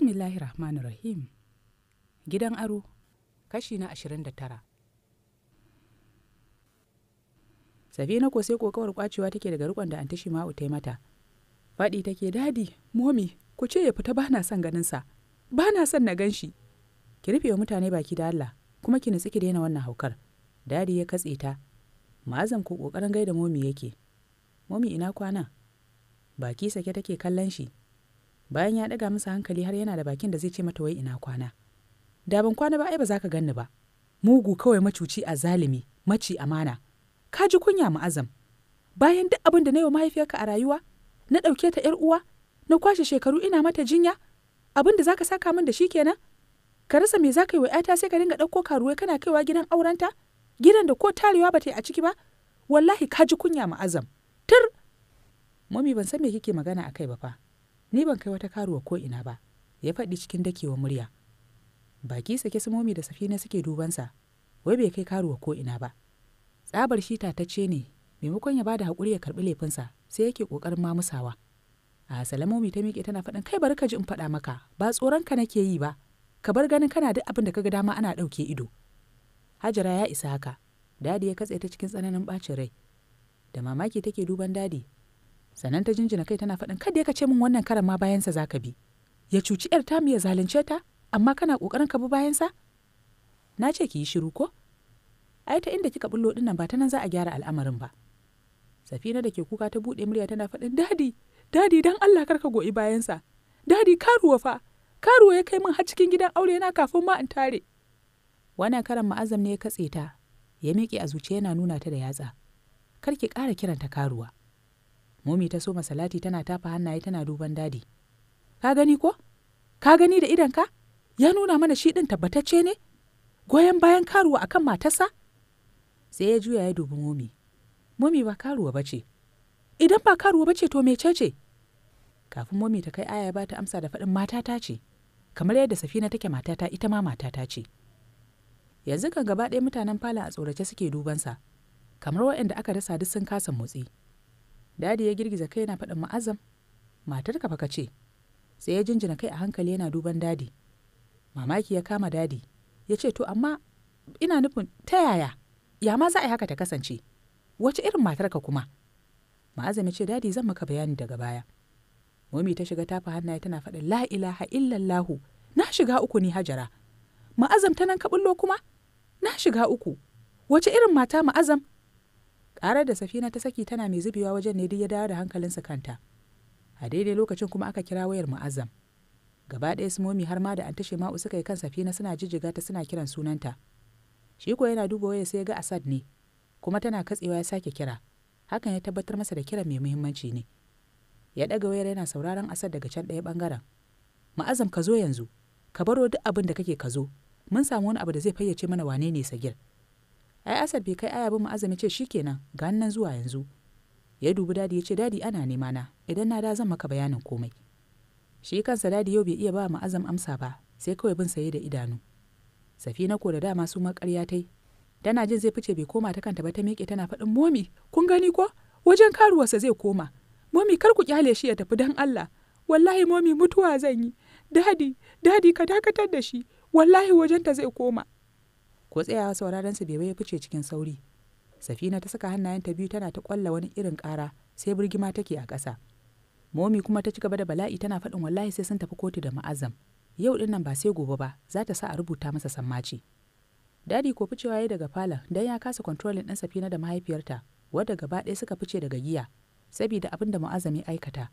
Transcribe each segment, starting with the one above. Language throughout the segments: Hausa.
bismillahi rahmanir rahim gidan aro kashi na 29 safina ko sai kokawar kwacewa take daga rikon da antashi ma'u ta mata faɗi take dadi momi ku ce ya fita bana son ganin sa bana son na gan shi ki rufe mutane baki da Allah kuma ki nutsi ki daina wannan haukar dadi ya katse ta ma'azam ko kokarin gaida momi yake momi ina kwana baki sake take kallon shi bayan ya ɗaga masa hankali har yana da bakin da zai ce mata wai ina kwana da ban kwana ba ai ba za ka ganni ba mugu kawai macuci a zalimi maci amana ka ji kunya ma'azam bayan duk abin da na yi wa mahaifiyarka a rayuwa na ɗauke ta ‘yar uwa na kwashe shekaru ina mata jinya abin da za ka saka min da shi kenan ka rasa me za ka yi wa ‘yata sai ka dinga ɗauko karuwai kana kaiwa gidan aurenta gidan da ko tarewa ba ta yi a ciki ba wallahi ka ji kunya ma'azam tur mami ban san me kike magana a kai ba fa ni ban kai wata karuwa ko ina ba ya faɗi cikin dakewa murya baki sake sumomi da safina suke dubansa wai bai kai karuwa ko ina ba tsabar shi tatacce ne maimakon ya bada haƙuri ya karɓi laifinsa sai yake ƙoƙarin mamusawa a salamomi ta miƙe tana faɗin kai bari ka ji in faɗa maka ba tsoron ka nake yi ba ka bar ganin kana duk abin da ga dama ana ɗauke ido hajara ya isa haka dadi ya katse ta cikin tsananin ɓacin rai da mamaki take duban dadi sannan ta jinjina kai tana faɗin kada ka ce min wannan karan ma bayansa zaka bi ya cuci yar ta ya zalunce ta amma kana ƙoƙarin ka bi bayansa na ce ki yi shiru ko ai ta inda kika bullo dinnan ba ta nan za a gyara al'amarin ba safina da ke kuka ta buɗe murya tana faɗin dadi dadi dan Allah ka goyi bayansa dadi karuwa fa karuwa ya kai min har cikin gidan aure na kafin ma in tare wannan karan ma'azam ne ya katse ta ya miƙe a zuciya yana nuna ta da yatsa kar ki ƙara kiranta karuwa momi ta soma salati tana tafa hannaye tana duban dadi ka gani ko ka gani da idan ka ya nuna mana shi ɗin tabbatacce ne goyon bayan karuwa akan matarsa sai ya juya ya dubi momi momi ba karuwa bace idan ba karuwa ba ce to mecece kafin momi ta kai aya ba ta amsa da faɗin matata ce kamar yadda safina take matata ita ma matata ce yanzu kan gaba ɗaya mutanen falon a tsorace suke dubansa kamar waɗanda aka rasa duk sun kasa motsi dadi ya girgiza kai yana faɗin ma'azam matarka ka ka ce sai ya jinjina kai a hankali yana duban dadi mamaki ya kama dadi ya ce to amma ina nufin ta yaya ya ma za a yi haka ta kasance wace irin matarka kuma ma'azam ya ce dadi zan maka bayani daga baya momi ta shiga tafa hannaye tana faɗin la ilaha illallahu na shiga uku ni hajara ma'azam ta nan kaɓullo kuma na shiga uku wace irin mata ma'azam ƙarar da safina ta saki tana mai zubewa wajen ne duk ya dawo da hankalinsa kanta a daidai lokacin kuma aka kira wayar mu'azzam gaba ɗaya su momi har ma da antashe ma'u suka yi kan safina suna jijjiga ta suna kiran sunanta shi ko yana duba waya sai ya ga asad ne kuma tana katsewa ya sake kira hakan ya tabbatar masa da kiran mai muhimmanci ne ya ɗaga wayar yana sauraron asad daga can ɗaya ɓangaren ma'azam ka zo yanzu ka baro duk abin da kake ka zo mun samu wani abu da zai fayyace mana wane ne sagir ai asad bai kai ayabin mu azumi ce shikenan ga nan zuwa yanzu ya dubi dadi ya ce dadi ana nema na idan na da zan maka bayanin komai shi kansa dadi yau bai iya ba mu azam amsa ba sai kawai bin saye da idanu safina ko da dama su makarya tai tana jin zai fice bai koma ta kanta ba ta miƙe tana faɗin momi kun gani ko wajen karuwarsa zai koma momi kar ku kyale shi ya tafi dan Allah wallahi momi mutuwa zan yi dadi dadi ka dakatar da shi wallahi wajenta zai koma ko tsayawa sauraron su bai ya fice cikin sauri safina ta saka hannayenta biyu tana ta kwalla wani irin kara, sai birgima take a ƙasa momi kuma ta ci gaba da bala'i tana faɗin wallahi sai sun tafi kotu da ma'azam yau ɗin nan ba sai gobe ba za ta sa a rubuta masa sammaci dadi ko ficewa ya daga falon dan ya kasa kontrolin ɗin safina da mahaifiyarta wadda gaba ɗaya suka fice daga giya saboda abin da mu'azam ya aikata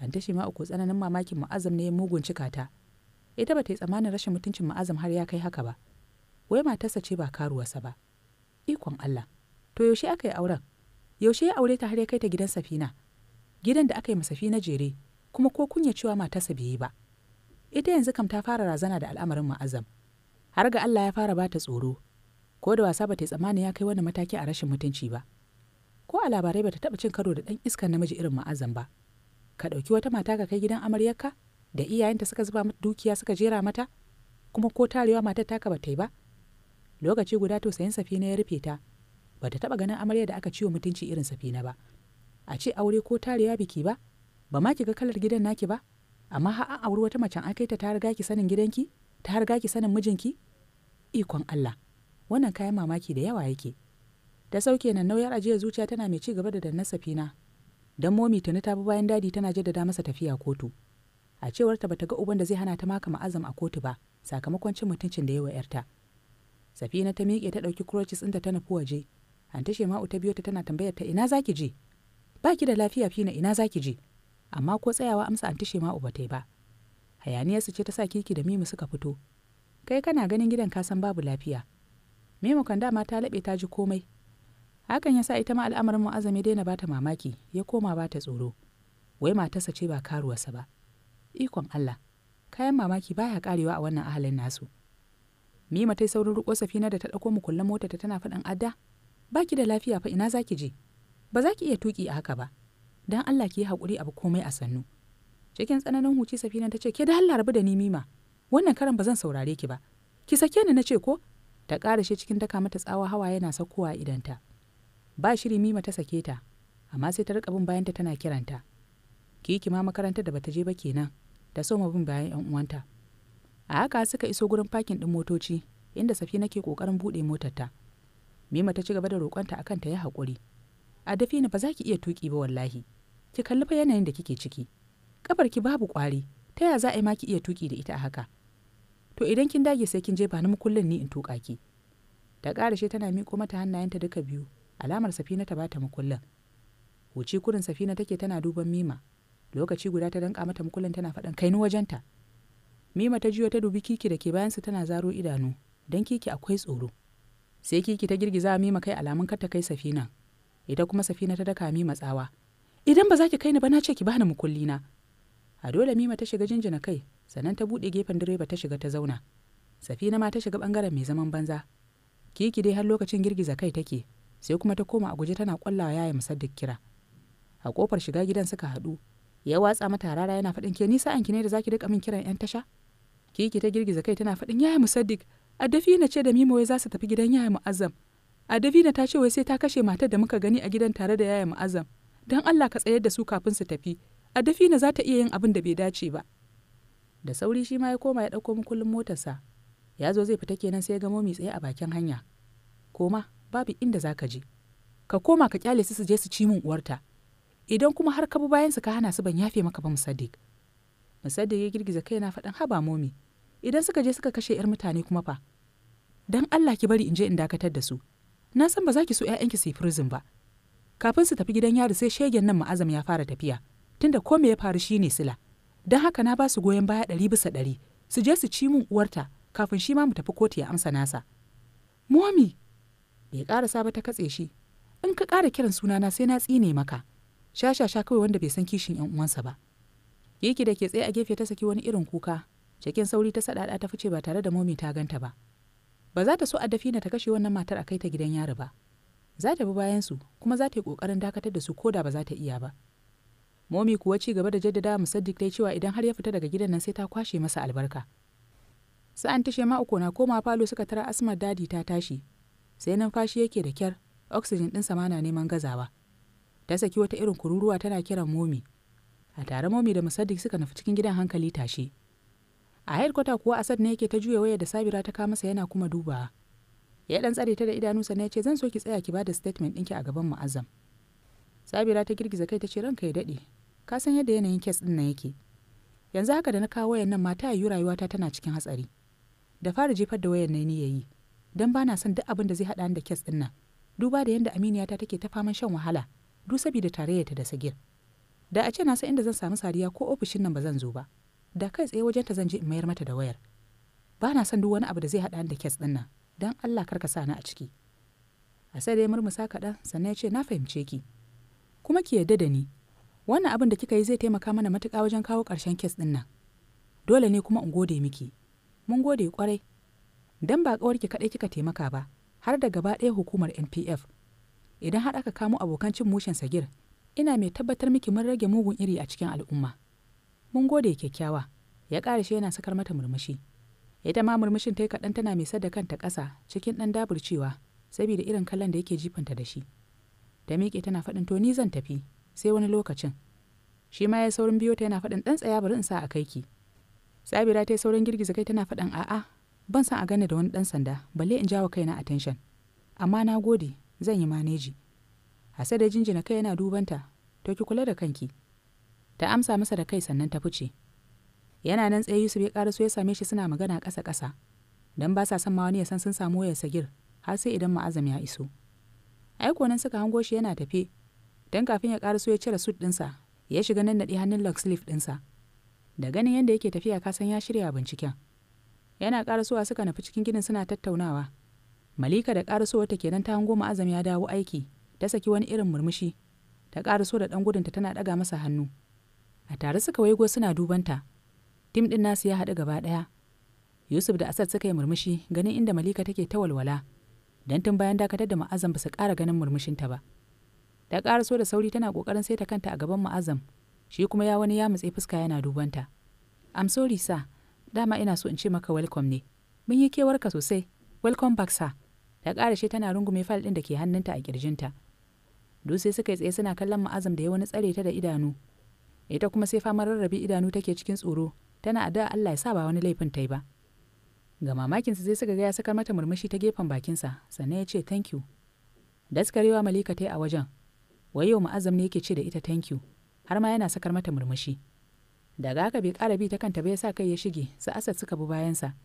an tashi ma uku tsananin mamakin mu'azam ne ya mugun cika ta ita ba ta yi tsammanin rashin mutuncin mu'azam har ya kai haka ba wai matarsa ce ba karuwarsa ba ikon Allah to yaushe aka yi auren yaushe ya aure ta har ya kai ta gidan safina gidan da aka yi masa na jere kuma ko kunya cewa matarsa bai yi ba ita yanzu kam ta fara razana da al'amarin ma'azam har ga Allah ya fara bata tsoro ko da wasa bata tsammani ya kai wani mataki a rashin mutunci ba ko a labarai bata taba cin karo da dan iskan namiji irin ma'azam ba ka dauki wata mata ka kai gidan amaryarka da iyayenta suka zuba mata dukiya suka jera mata kuma ko tarewa matar taka bata yi ba lokaci guda tausayin safina ya rufe ta ba ta taɓa ganin amarya da aka ciwo mutunci irin safina ba a ce aure ko tariya biki ba ba ma ki ga kalar gidan naki ba amma har an auri wata macen an kai ta ta riga ki sanin gidanki ta riga ki sanin mijinki ikon Allah wannan kayan mamaki da yawa yake ta sauke nan nauyar ajiya zuciya tana mai ci gaba da danna safina dan momi tuni ta bi bayan dadi tana jaddada masa tafiya kotu a cewar ta bata ga uban da zai hana ta maka ma'azam a kotu ba sakamakon cin mutuncin da yawa yarta safina ta miƙe ta ɗauki crutches ɗinta ta nufi waje tashe Ma'u ta biyo ta tana tambayar ta ina zaki je ba ki da lafiya fina ina zaki je amma ko tsayawa amsa an tashe Ma'u ba ta yi ba su ce ta sa kirki da mimu suka fito kai kana ganin gidan ka san babu lafiya mimu kan dama ta laɓe ta ji komai hakan ya sa ita ma al'amarin mu ya daina bata mamaki ya koma bata tsoro wai matarsa ce ba karuwarsa ba ikon allah kayan mamaki baya karewa a wannan ahalin nasu Mima ta yi saurin ruko safina da ta ɗauko mu kullen mota ta tana faɗin adda. baki da lafiya fa ina zaki je? Ba za ki iya tuki a haka ba. Dan Allah ki yi hakuri abu komai a sannu. Cikin tsananin huci safina ta ce ke da Allah rabu da ni Mima. Wannan karan ba zan saurare ki ba. Ki sake ni na ce ko? Ta karashe cikin daka mata tsawa hawa yana idan ta Ba shiri Mima ta sake ta, amma sai ta rika bin bayanta tana kiranta. Ki yi kima makarantar da bata je ba kenan, ta so ma bin bayan 'yan uwanta. a haka suka iso gurin fakin ɗin motoci inda safina ke ƙoƙarin buɗe motarta mima ta ci gaba da roƙonta akan ta yi haƙuri a dafi ni ba za ki iya tuƙi ba wallahi ki kalli fa yanayin da kike ciki Ƙafar ki babu ƙwari ta ya za a yi ma ki iya tuƙi da ita a haka to idan kin dage sai kin je ba ni mukullin ni in tuƙa ki ta ƙarashe tana miƙo mata hannayenta duka biyu alamar safina ta bata mukullin huci kurin safina take tana duban mima lokaci guda ta danƙa mata mukullin tana faɗin kai ni wajenta mima ta jiyo ta dubi kiki da ke bayansa tana zaro idanu don kiki akwai tsoro sai kiki ta girgiza mima kai alamun kar ta kai safina ita kuma safina ta daka mima tsawa idan ba za ki kai ni ba na ce ki bani kulli na a dole mima ta shiga jinjina kai sannan ta buɗe gefen direba ta shiga ta zauna safina ma ta shiga bangaren mai zaman banza kiki dai har lokacin girgiza kai take sai kuma ta koma a guje tana kwallawa yaya musaddik kira a kofar shiga gidan suka haɗu ya watsa mata rara yana faɗin ke nisa anki ne da zaki duka min kiran yan tasha Kiki ta girgiza kai tana faɗin yaya musaddik. A dafi na ce da Mimo ya za su tafi gidan yaya Mu'azzam. na ta ce wai sai ta kashe matar da muka gani a gidan tare da yaya Mu'azzam. Don Allah ka tsayar da su kafin su tafi. A dafi na za ta iya yin abin da bai dace ba. Da sauri shi ma ya koma ya ɗauko mukullin motarsa. Ya zo zai fita kenan sai ya ga momi tsaye a bakin hanya. Koma babu inda za ka je. Ka koma ka kyale su su je su ci min uwarta. Idan kuma har ka bi bayan su ka hana su ban yafe maka ba musaddik. Musaddik ya girgiza kai na faɗin haba momi. idan suka je suka kashe 'yar mutane kuma fa don allah ki bari in je in dakatar da su na san ba za ki so 'ya'yanki su yi prison ba kafin su tafi gidan yari sai shegen nan ma'azam ya fara tafiya tunda ko me ya faru shi ne sila don haka na ba su goyon baya ɗari bisa ɗari su je su ci mun uwarta kafin shi ma mu tafi kotu ya amsa nasa momi bai ƙarasa saba ta katse shi in ka ƙara kiran sunana sai na tsine maka shashasha kawai wanda bai san kishin 'yan uwansa ba yake da ke tsaye a gefe ta saki wani irin kuka cikin sauri ta saɗaɗa ta fice ba tare da momi ta ganta ba ba za ta so a dafina ta kashe wannan matar a kai ta gidan yari ba za ta bi bayan su kuma za ta yi kokarin dakatar da su ko da ba za ta iya ba momi kuwa ci gaba da jaddada musaddik dai cewa idan har ya fita daga gidan nan sai ta kwashe masa albarka sa'an tashe ma uku na koma falo suka tara asmar dadi ta tashi sai numfashi yake da kyar oxygen ɗin samana na neman gazawa ta saki wata irin kururuwa tana kiran momi a tare momi da musaddik suka nufi cikin gidan hankali tashe a headquarter kuwa asad ne yake ta juya waya da sabira ta kama masa yana kuma dubawa ya dan tsare ta da idanunsa ne ya ce zan so ki tsaya ki bada statement ɗinki a gaban mu'azzam sabira ta girgiza kai ta ce ranka ya daɗe ka san yadda yanayin kes ɗin nan yake yanzu haka da na kawo wayan nan mata yiwu rayuwata tana cikin hatsari da fara jefar da wayan nan ne yayi dan bana son duk abin da zai haɗa da kes din nan duba da yadda aminiyata take ta faman shan wahala duk saboda tarayyata da sagir da a ce na san inda zan samu sariya ko ofishin nan ba zan zo ba da kai tsaye wajen zan je in mayar mata da wayar ba na son duk wani abu da zai haɗa da kes ɗin nan don Allah kar ka sa ni a ciki a sai dai murmusa kaɗan sannan ya ce na fahimce ki kuma ki yarda da ni wannan abin da kika yi zai taimaka mana matuƙa wajen kawo ƙarshen kes ɗin nan dole ne kuma in gode miki mun gode kwarai dan ba ƙawarki kaɗai kika taimaka ba har da gaba ɗaya hukumar npf idan har aka kamo abokan cin mushen sagir ina mai tabbatar miki mun rage mugun iri a cikin al'umma mun gode kyakkyawa ya ƙarashe yana sakar mata murmushi ita ma murmushin ta yi kaɗan tana mai da kanta ƙasa cikin ɗan daburcewa saboda irin kallon da yake jifanta da shi da miƙe tana faɗin to ni zan tafi sai wani lokacin shi ma ya saurin biyo ta yana faɗin ɗan tsaya bari in sa a kai ki sabira ta yi saurin girgiza kai tana faɗin a'a ban san a gane da wani ɗan sanda balle in jawo kaina attention amma na gode zan yi maneji hasa jinjina kai yana dubanta to ki kula da kanki ta amsa masa da kai sannan ta fice yana nan tsaye yusuf ya karaso ya same shi suna magana ƙasa ƙasa don ba sa son ma wani ya san sun samu wayar sagir har sai idan ma'azam ya iso aiko nan suka hango shi yana tafe don kafin ya karaso ya cire suit ɗinsa ya shiga nan naɗi hannun lock sleeve ɗinsa da ganin yadda yake tafiya ka san ya shirya binciken yana karasowa suka nufi cikin gidan suna tattaunawa malika da karasowa ta kenan ta hango ma'azam ya dawo aiki ta saki wani irin murmushi ta karaso da ɗan gudunta tana ɗaga masa hannu a tare suka waigo suna dubanta tim ɗin nasu ya haɗu gaba ɗaya yusuf da asad suka yi murmushi ganin inda malika take ta walwala don tun bayan dakatar da ma'azam ba su ƙara ganin murmushinta ba ta ƙaraso da sauri tana ƙoƙarin saita kanta a gaban ma'azam shi kuma ya wani ya mutse fuska yana dubanta am sorry sa dama ina so in ce maka welcome ne mun yi kewarka sosai welcome back sa ta ƙara shi tana rungume fal ɗin da ke hannunta a ƙirjinta dusai suka yi tsaye suna kallon ma'azam da ya wani tsare ta da idanu ita kuma sai fama rarrabi idanu take cikin tsoro tana a Allah ya sa ba wani laifin ta yi ba ga mamakin sa sai suka ga ya sakar mata murmushi ta gefen bakinsa sannan ya ce thank you daskarewa malika ta a wajen wayo mu'azzam ne yake ce da ita thank you har ma yana sakar mata murmushi daga haka bai karabi bi ta kanta ba ya sa kai ya shige su asad suka bi bayansa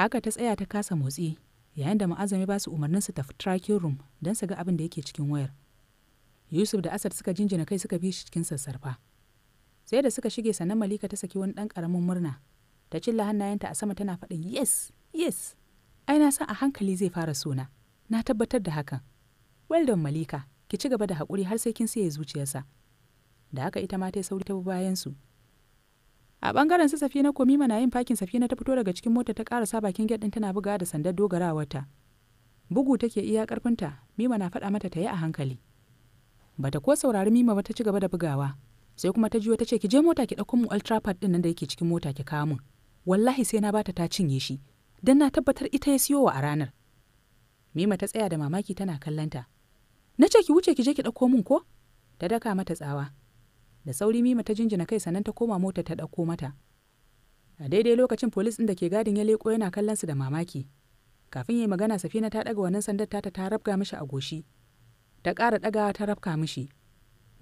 haka ta tsaya ta kasa motsi yayin da mu'azzam ya ba su umarnin su tafi tracking room don su ga abin da yake cikin wayar yusuf da asad suka jinjina kai suka bi shi cikin sassarfa sai da suka shige sannan malika ta saki wani dan karamin murna ta cilla hannayenta a sama tana faɗin yes yes ai na san a hankali zai fara suna. na tabbatar da hakan well done malika ki ci gaba da haƙuri har sai kin siya zuciyarsa da haka ita ma ta sauri ta bayan su a bangaren su safina komima na yin fakin safina ta fito daga cikin mota ta karasa bakin gate din tana bugawa da sandar dogarawarta bugu take iya karfinta mima na faɗa mata ta yi a hankali bata ko saurari mima ba ta ci gaba da bugawa sai kuma ta juyo ta ce ki je mota ki ɗauko mu ultrapad ɗin nan da yake cikin mota ki kawo mun wallahi sai na bata ta cinye shi Dan na tabbatar ita ya siyo wa a ranar mima ta tsaya da mamaki tana kallanta na ce ki wuce ki je ki ɗauko mun ko ta daka mata tsawa da sauri mima ta jinjina kai sannan ta koma mota ta ɗauko mata a daidai lokacin polis ɗin da ke gadin ya leko yana kallon su da mamaki kafin ya yi magana safina ta ɗaga wannan sandar ta ta rabga mishi a goshi ta ƙara ɗagawa ta rabka mishi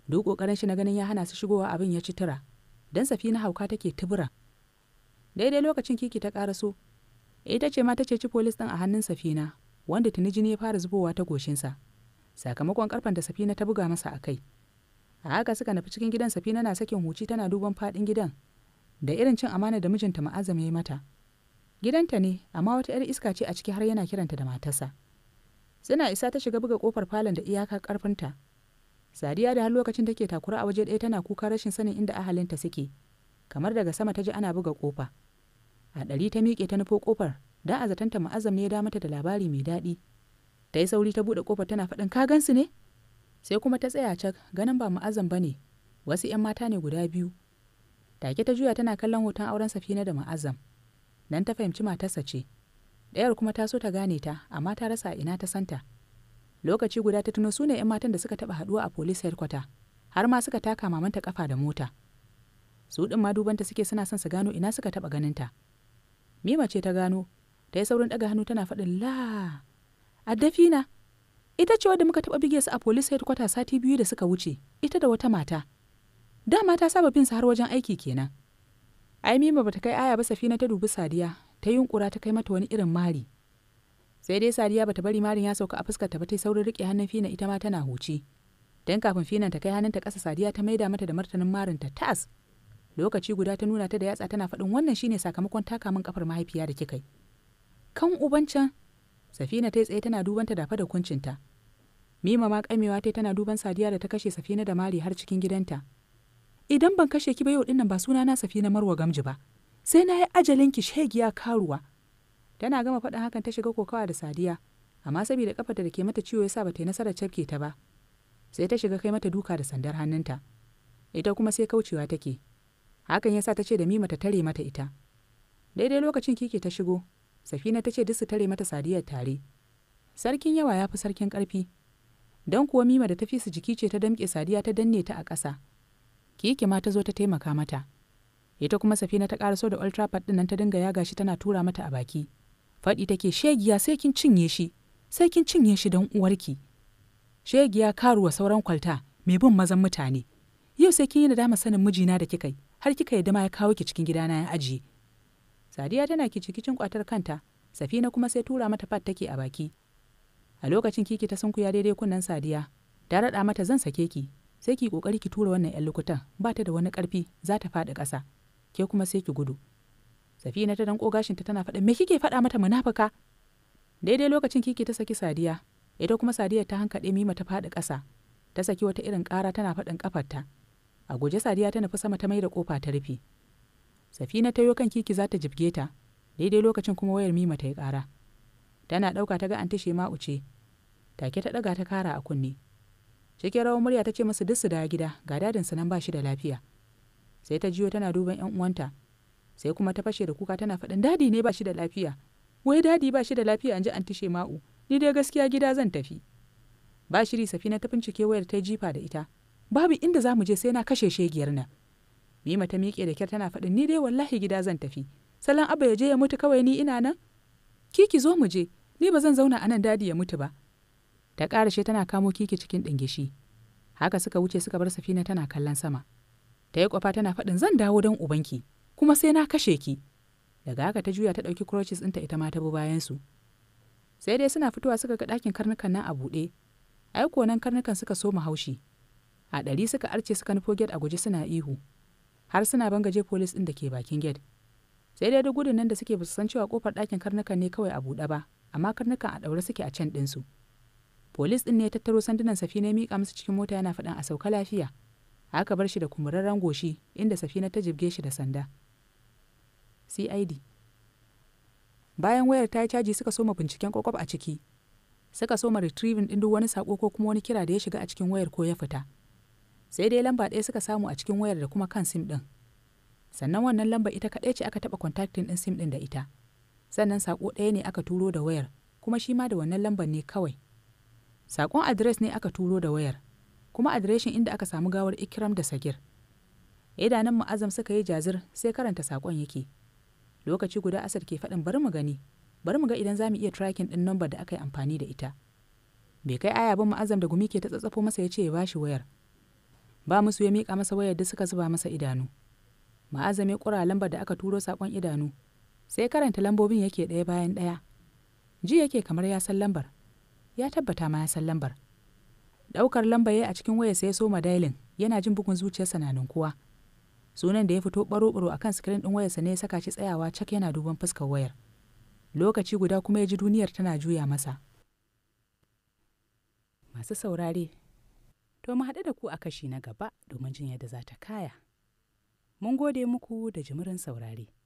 duk ƙoƙarin shi na ganin ya hana su shigowa abin ya ci tura don safi na hauka take tubura daidai lokacin kiki ta ƙaraso ita ce ma ta ceci polis ɗin a hannun safina wanda tuni jini ya fara zubowa ta goshinsa sakamakon karfan da safina ta buga masa a kai a haka suka nufi cikin gidan safina na sakin huci tana duban faɗin gidan da irin cin amana da mijinta ma'azam ya yi mata gidanta ne amma wata 'yar iska ce a ciki har yana kiranta da matarsa suna isa ta shiga buga ƙofar falon da iyaka karfinta sadiya da har lokacin take takura a waje ɗaya tana kuka rashin sanin inda ahalinta suke kamar daga sama ta ji ana buga kofa a ɗari ta miƙe ta nufo kofar da a zatanta ma'azam ne ya da mata da labari mai daɗi ta yi sauri ta buɗe kofar tana faɗin ka gansu ne sai kuma ta tsaya cak ganin ba ma'azam ba ne wasu 'yan mata ne guda biyu take ta juya tana kallon hoton auren safina da ma'azam nan ta fahimci matarsa ce ɗayar kuma ta so ta gane ta amma ta rasa ina ta santa lokaci guda ta tuno sune 'yan matan da suka taɓa haɗuwa a police headquarter har ma suka taka mamanta kafa da mota su din ma dubanta suke suna son su gano ina suka taɓa ganinta mima ce ta gano ta yi saurin daga hannu tana faɗin la A dafina ita ce wadda muka taɓa bige su a polis headquarter sati biyu da suka wuce ita da wata mata Da mata saba bin su har wajen aiki kenan ai mima bata kai aya ba safina ta dubi sadiya ta yunkura ta kai mata wani irin mari sai dai sadiya bata bari marin ya sauka a fuskar ta ba ta saurin rike hannun fina ita ma tana huci dan kafin finan ta kai hannunta kasa sadiya ta maida mata da martanin marinta ta tas lokaci guda ta nuna ta da yatsa tana faɗin wannan shine sakamakon taka min kafar mahaifiya da kika yi kan uban can safina ta tsaye tana duban ta dafa da kuncinta mima ma kamewa ta tana duban sadiya da ta kashe safina da mari har cikin gidanta idan ban kashe ki ba yau dinnan ba suna na safina marwa gamji ba sai na yi ajalin ki shegiya karuwa tana gama faɗin hakan ta shiga kokawa da sadiya amma saboda kafarta da ke mata ciwo yasa ta yi nasarar cafke ta ba sai ta shiga kai mata duka da sandar hannunta ita kuma sai kaucewa take hakan ya sa ta ce da mima ta tare mata ita daidai lokacin kike ta shigo safina ta ce duk su tare mata Sadiya tare sarkin yawa ya fi sarkin ƙarfi don kuwa mima da ta fi su jiki ce ta damƙe sadiya ta danne ta a ƙasa kike ma ta zo ta taimaka mata ita kuma safina ta ƙara so da ultrapad ɗin ta dinga yaga shi tana tura mata a baki faɗi take shegiya sai kin cinye shi sai kin cinye shi don uwarki shegiya karuwa sauran kwalta mai bin mazan mutane yau sai kin yi nadama sanin mijina da kika yi har kika yadda ma ya kawo ki cikin gidana ya ajiye sadiya tana kicikicin kwatar kanta safina kuma sai tura mata fat take a baki a lokacin kiki ta sunkuya daidai kunnan sadiya ta raɗa mata zan sake ki sai ki kokari ki tura wannan yan lukutan ba ta da wani ƙarfi za ta faɗi ƙasa ke kuma sai ki gudu Safina ta danko gashinta tana faɗa me kike faɗa mata munafuka? Daidai lokacin kiki ta saki Sadiya, ita kuma Sadiya ta hankaɗe Mima ta faɗi ƙasa, ta saki wata irin ƙara tana faɗin ƙafarta. A guje Sadiya ta nufi sama ta mai da ƙofa ta rufe. Safina ta yo kan kiki za ta jibge ta, daidai lokacin kuma wayar Mima ta yi ƙara. Tana ɗauka ta ga anti ma uce. take ta ɗaga ta kara a kunne. Cikin rawar murya ta ce masu duk su da gida, ga dadinsu nan ba shi da lafiya. Sai ta jiyo tana duban 'yan uwanta, sai kuma ta fashe da kuka tana faɗin dadi ne ba shi da lafiya wai dadi ba shi da lafiya an ji an tishe ma'u ni dai gaskiya gida zan tafi ba bashiri safina ta bincike wayar ta jifa da ita babu inda za mu je sai na kashe shegiyar nan mima ta miƙe da kyar tana faɗin ni dai wallahi gida zan tafi salon abba ya je ya mutu kawai ni ina nan kiki zo mu je ni ba zan zauna anan dadi ya mutu ba ta ƙarashe tana kamo kiki cikin ɗingishi haka suka wuce suka bar safina tana kallon sama ta yi kwafa tana faɗin zan dawo don ubanki kuma sai na kashe ki daga haka ta juya ta ɗauki crutches ɗinta ita ma ta bi bayansu sai dai suna fitowa suka ga ɗakin karnukan nan a buɗe aiko nan karnukan suka soma haushi a ɗari suka arce suka nufo gate a guje suna ihu har suna bangaje polis ɗin da ke bakin gate sai dai duk gudun nan da suke su san cewa kofar ɗakin karnukan ne kawai a buɗe ba amma karnukan a ɗaure suke a can ɗinsu polis ɗin ne ya tattaro sandunan safina ya miƙa musu cikin mota yana faɗan a sauka lafiya aka bar shi da kumurarren goshi inda safina ta jibge shi da sanda. cid bayan wayar ta yi caji suka soma binciken kwakwaf a ciki suka soma retrieving ɗin duk wani sako ko kuma wani kira da ya shiga a cikin wayar ko ya fita sai dai lamba ɗaya suka samu a cikin wayar da kuma kan sim ɗin sannan wannan lamba ita kaɗai ce aka taɓa contacting ɗin sim ɗin da ita sannan sako ɗaya ne aka turo da wayar kuma shi ma da wannan lambar ne kawai sakon adres ne aka turo da wayar kuma adireshin inda aka samu gawar ikram da sagir idanun ma'azam suka yi jazir sai karanta sakon yake lokaci guda asad ke faɗin bari mu gani bari mu ga idan za mu iya tracking ɗin number da aka yi amfani da ita bai kai aya ba ma'azam da gumi ke ta tsatsafo masa ya ce ya bashi wayar ba musu ya miƙa masa wayar da suka zuba masa idanu ma'azam ya ƙura lambar da aka turo saƙon idanu sai karanta lambobin yake ɗaya bayan ɗaya ji yake kamar ya san lambar ya tabbata ma ya san lambar ɗaukar lambar ya a cikin wayar sai ya soma dailin yana jin bugun zuciyarsa na ninkuwa sunan da ya fito baro-baro akan sikirin ɗin wayarsa ne ya saka shi tsayawa cak yana duban fuskar wayar lokaci guda kuma ya ji duniyar tana juya masa masu saurare to mu haɗu da ku a kashi na gaba domin jin yadda za ta kaya mun gode muku da jimirin saurare